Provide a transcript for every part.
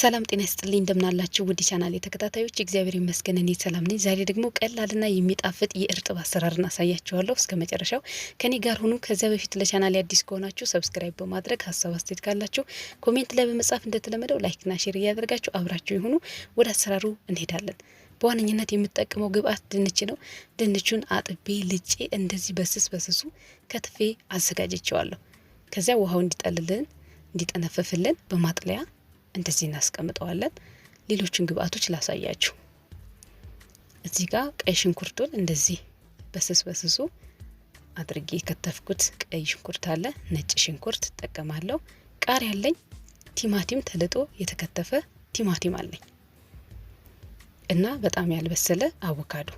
ሰላም ጤና ይስጥልኝ እንደምናላችሁ ውድ ቻናል የተከታታዮች እግዚአብሔር ይመስገን እኔ ሰላም ነኝ። ዛሬ ደግሞ ቀላልና የሚጣፍጥ የእርጥብ አሰራርን አሳያችኋለሁ። እስከ መጨረሻው ከኔ ጋር ሁኑ። ከዚያ በፊት ለቻናል አዲስ ከሆናችሁ ሰብስክራይብ በማድረግ ሀሳብ አስተያየት ካላችሁ ኮሜንት ላይ በመጻፍ እንደተለመደው ላይክና ሼር እያደረጋችሁ አብራችሁ ይሁኑ። ወደ አሰራሩ እንሄዳለን። በዋነኝነት የምጠቀመው ግብአት ድንች ነው። ድንቹን አጥቤ ልጬ እንደዚህ በስስ በስሱ ከትፌ አዘጋጅቸዋለሁ። ከዚያ ውሃው እንዲጠልልን እንዲጠነፍፍልን በማጥለያ እንደዚህ እናስቀምጠዋለን። ሌሎችን ግብአቶች ላሳያችሁ። እዚህ ጋር ቀይ ሽንኩርቱን እንደዚህ በስስ በስሱ አድርጌ የከተፍኩት ቀይ ሽንኩርት አለ። ነጭ ሽንኩርት እጠቀማለሁ። ቃሪያ አለኝ። ቲማቲም ተልጦ የተከተፈ ቲማቲም አለኝ እና በጣም ያልበሰለ አቮካዶ።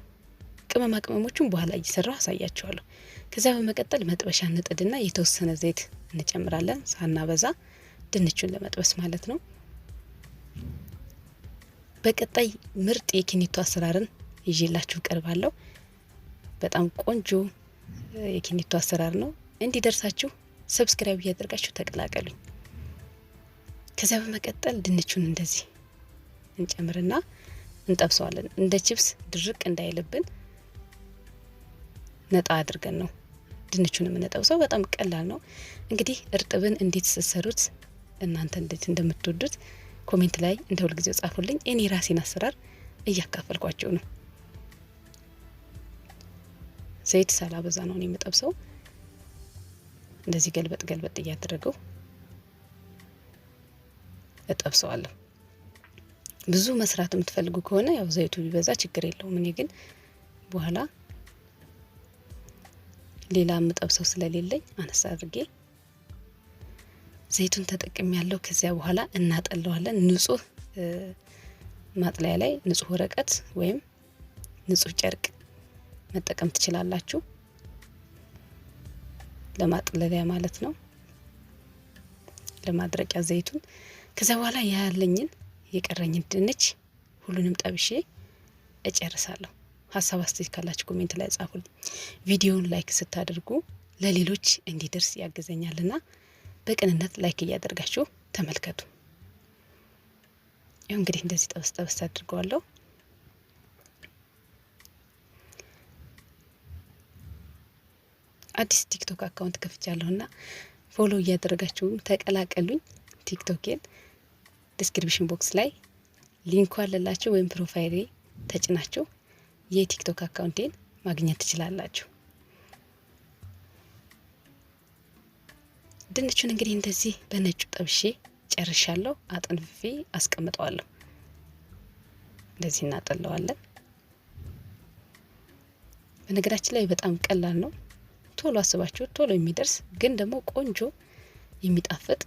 ቅመማ ቅመሞቹን በኋላ እየሰራው አሳያችኋለሁ። ከዚያ በመቀጠል መጥበሻ ንጥድና የተወሰነ ዘይት እንጨምራለን፣ ሳናበዛ ድንቹን ለመጥበስ ማለት ነው። በቀጣይ ምርጥ የኪኒቶ አሰራርን ይዤላችሁ ቀርባለሁ። በጣም ቆንጆ የኪኒቶ አሰራር ነው። እንዲደርሳችሁ ሰብስክራይብ እያደርጋችሁ ተቀላቀሉኝ። ከዚያ በመቀጠል ድንቹን እንደዚህ እንጨምርና እንጠብሰዋለን። እንደ ችብስ ድርቅ እንዳይልብን ነጣ አድርገን ነው ድንቹን የምንጠብሰው። በጣም ቀላል ነው። እንግዲህ እርጥብን እንዴት ስትሰሩት እናንተ እንዴት እንደምትወዱት ኮሜንት ላይ እንደ ሁልጊዜው ጻፉልኝ። እኔ ራሴን አሰራር እያካፈልኳቸው ነው። ዘይት ሳላ በዛ ነው የምጠብሰው። እንደዚህ ገልበጥ ገልበጥ እያደረገው እጠብሰዋለሁ። ብዙ መስራት የምትፈልጉ ከሆነ ያው ዘይቱ ቢበዛ ችግር የለውም። እኔ ግን በኋላ ሌላ የምጠብሰው ስለሌለኝ አነሳ አድርጌ ዘይቱን ተጠቅም ያለው። ከዚያ በኋላ እናጠለዋለን። ንጹህ ማጥለያ ላይ ንጹህ ወረቀት ወይም ንጹህ ጨርቅ መጠቀም ትችላላችሁ፣ ለማጥለያ ማለት ነው፣ ለማድረቂያ ዘይቱን። ከዚያ በኋላ ያለኝን የቀረኝን ድንች ሁሉንም ጠብሼ እጨርሳለሁ። ሀሳብ አስተያየት ካላችሁ ኮሜንት ላይ ጻፉልኝ። ቪዲዮውን ላይክ ስታደርጉ ለሌሎች እንዲደርስ ያግዘኛልና በቅንነት ላይክ እያደርጋችሁ ተመልከቱ። ይሁ እንግዲህ እንደዚህ ጠበስ ጠበስ አድርገዋለሁ። አዲስ ቲክቶክ አካውንት እና ፎሎ እያደረጋችሁ ተቀላቀሉኝ። ቲክቶኬን ዲስክሪፕሽን ቦክስ ላይ ሊንኩ አለላችሁ፣ ወይም ፕሮፋይሌ ተጭናችሁ የቲክቶክ አካውንቴን ማግኘት ትችላላችሁ። ድንቹን እንግዲህ እንደዚህ በነጩ ጠብሼ ጨርሻለሁ። አጥንፌ አስቀምጠዋለሁ። እንደዚህ እናጠለዋለን። በነገራችን ላይ በጣም ቀላል ነው። ቶሎ አስባችሁ ቶሎ የሚደርስ ግን ደግሞ ቆንጆ የሚጣፍጥ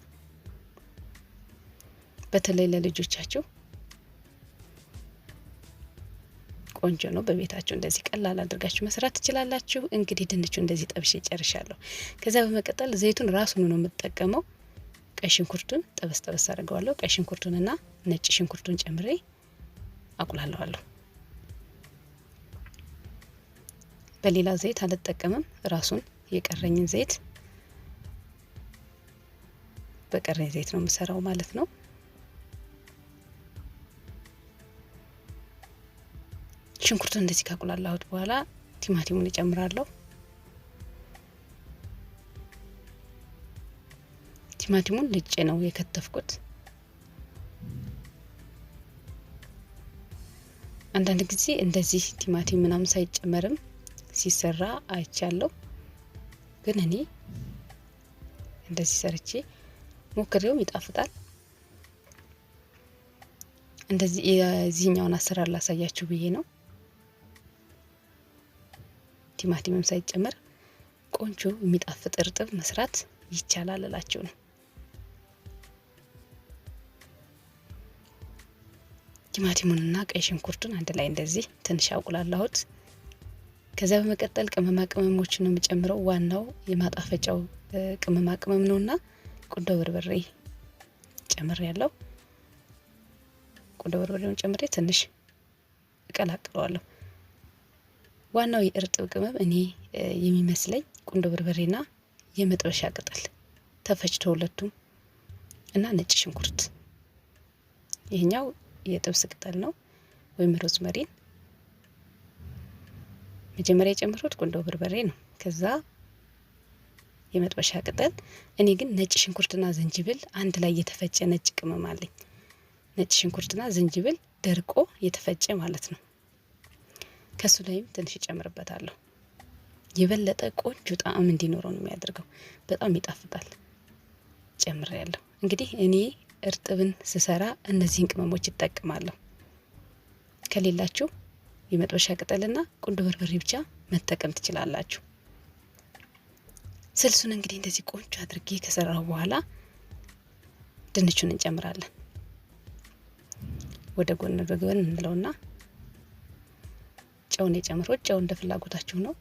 በተለይ ለልጆቻችሁ ቆንጆ ነው። በቤታችሁ እንደዚህ ቀላል አድርጋችሁ መስራት ትችላላችሁ። እንግዲህ ድንቹ እንደዚህ ጠብሼ ጨርሻለሁ። ከዚያ በመቀጠል ዘይቱን ራሱን ነው የምጠቀመው። ቀይ ሽንኩርቱን ጠበስ ጠበስ አድርገዋለሁ። ቀይ ሽንኩርቱንና ነጭ ሽንኩርቱን ጨምሬ አቁላለዋለሁ። በሌላ ዘይት አልጠቀምም። ራሱን የቀረኝን ዘይት በቀረኝ ዘይት ነው የምሰራው ማለት ነው። ሽንኩርቱን እንደዚህ ካቁላላሁት በኋላ ቲማቲሙን እጨምራለሁ። ቲማቲሙን ልጬ ነው የከተፍኩት። አንዳንድ ጊዜ እንደዚህ ቲማቲም ምናምን ሳይጨመርም ሲሰራ አይቻለሁ። ግን እኔ እንደዚህ ሰርቼ ሞክሬውም ይጣፍጣል። እንደዚህ የዚህኛውን አሰራር ላሳያችሁ ብዬ ነው። ቲማቲምም ሳይጨመር ቆንጆ የሚጣፍጥ እርጥብ መስራት ይቻላል እላችሁ ነው። ቲማቲሙንና ቀይ ሽንኩርቱን አንድ ላይ እንደዚህ ትንሽ አቁላላሁት። ከዚያ በመቀጠል ቅመማ ቅመሞችን የሚጨምረው። ዋናው የማጣፈጫው ቅመማ ቅመም ነውና ቁንዶ በርበሬ ጨምር ያለው ቁንዶ በርበሬውን ጨምሬ ትንሽ እቀላቅለዋለሁ። ዋናው የእርጥብ ቅመም እኔ የሚመስለኝ ቁንዶ በርበሬና የመጥበሻ ቅጠል ተፈጭቶ ሁለቱም እና ነጭ ሽንኩርት። ይህኛው የጥብስ ቅጠል ነው ወይም ሮዝመሪን። መጀመሪያ የጨመርኩት ቁንዶ በርበሬ ነው፣ ከዛ የመጥበሻ ቅጠል። እኔ ግን ነጭ ሽንኩርትና ዝንጅብል አንድ ላይ የተፈጨ ነጭ ቅመም አለኝ። ነጭ ሽንኩርትና ዝንጅብል ደርቆ የተፈጨ ማለት ነው። ከእሱ ላይም ትንሽ ይጨምርበታለሁ። የበለጠ ቆንጆ ጣዕም እንዲኖረው ነው የሚያደርገው። በጣም ይጣፍጣል። ጨምር ያለሁ እንግዲህ እኔ እርጥብን ስሰራ እነዚህን ቅመሞች ይጠቀማለሁ። ከሌላችሁ የመጥበሻ ቅጠልና ቁንዶ በርበሬ ብቻ መጠቀም ትችላላችሁ። ስልሱን እንግዲህ እንደዚህ ቆንጆ አድርጌ ከሰራሁ በኋላ ድንቹን እንጨምራለን። ወደ ጎን ወደ እንለውና ጨውን የጨምሮት ጨው እንደ ፍላጎታችሁ ነው።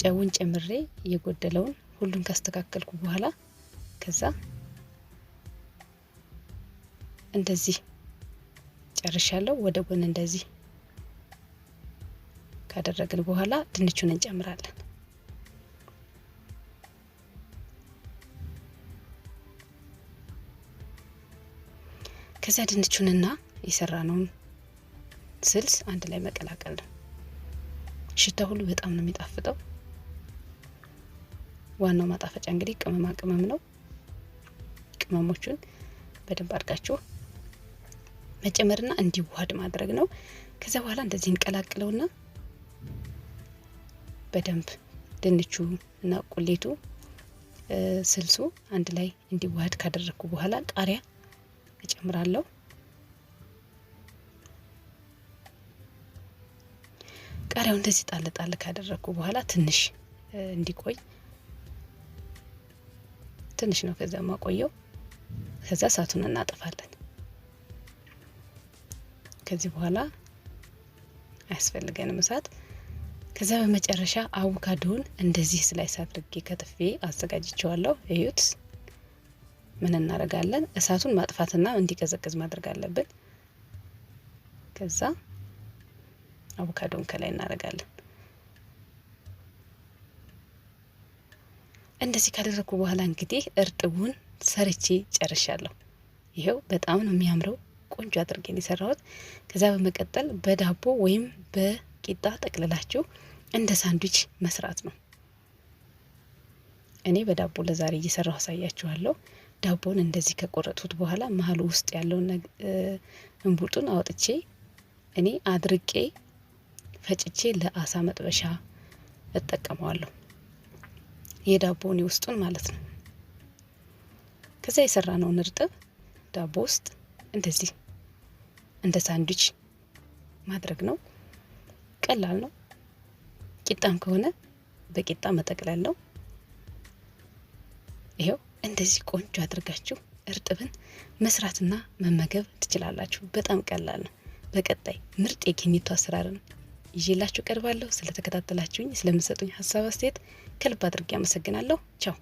ጨውን ጨምሬ የጎደለውን ሁሉን ካስተካከልኩ በኋላ ከዛ እንደዚህ ጨርሻለሁ። ወደ ጎን እንደዚህ ካደረግን በኋላ ድንቹን እንጨምራለን። ከዚያ ድንቹንና የሰራነውን ስልስ አንድ ላይ መቀላቀል ነው። ሽታ ሁሉ በጣም ነው የሚጣፍጠው። ዋናው ማጣፈጫ እንግዲህ ቅመማ ቅመም ነው። ቅመሞቹን በደንብ አድርጋችሁ መጨመርና እንዲዋሃድ ማድረግ ነው። ከዚያ በኋላ እንደዚህ እንቀላቅለውና በደንብ ድንቹ እና ቁሌቱ ስልሱ አንድ ላይ እንዲዋሃድ ካደረግኩ በኋላ ቃሪያ እጨምራለሁ። ቃሪያው እንደዚህ ጣል ጣል ካደረግኩ በኋላ ትንሽ እንዲቆይ ትንሽ ነው ከዛ ማቆየው። ከዛ እሳቱን እናጠፋለን። ከዚህ በኋላ አያስፈልገንም እሳት። ከዛ በመጨረሻ አቮካዶውን እንደዚህ ስላይስ አድርጌ ከጥፌ አዘጋጅቸዋለሁ። እዩት። ምን እናደርጋለን? እሳቱን ማጥፋትና እንዲቀዘቅዝ ማድረግ አለብን። ከዛ አቮካዶን ከላይ እናደርጋለን። እንደዚህ ካደረግኩ በኋላ እንግዲህ እርጥቡን ሰርቼ ጨርሻለሁ። ይኸው በጣም ነው የሚያምረው። ቆንጆ አድርጌን የሰራሁት። ከዛ በመቀጠል በዳቦ ወይም በቂጣ ጠቅልላችሁ እንደ ሳንድዊች መስራት ነው። እኔ በዳቦ ለዛሬ እየሰራሁ አሳያችኋለሁ። ዳቦን እንደዚህ ከቆረጥኩት በኋላ መሀሉ ውስጥ ያለውን እንቡጡን አውጥቼ እኔ አድርቄ ፈጭቼ ለአሳ መጥበሻ እጠቀመዋለሁ። የዳቦን የውስጡን ማለት ነው። ከዚያ ነውን እርጥብ ዳቦ ውስጥ እንደዚህ እንደ ሳንድዊች ማድረግ ነው። ቀላል ነው። ቂጣም ከሆነ በቂጣ መጠቅለል ነው። ይሄው እንደዚህ ቆንጆ አድርጋችሁ እርጥብን መስራትና መመገብ ትችላላችሁ። በጣም ቀላል ነው። በቀጣይ ምርጥ የኬኔቶ አሰራርን ይዤላችሁ ቀርባለሁ። ስለተከታተላችሁኝ፣ ስለምሰጡኝ ሀሳብ አስተያየት ከልብ አድርጌ አመሰግናለሁ። ቻው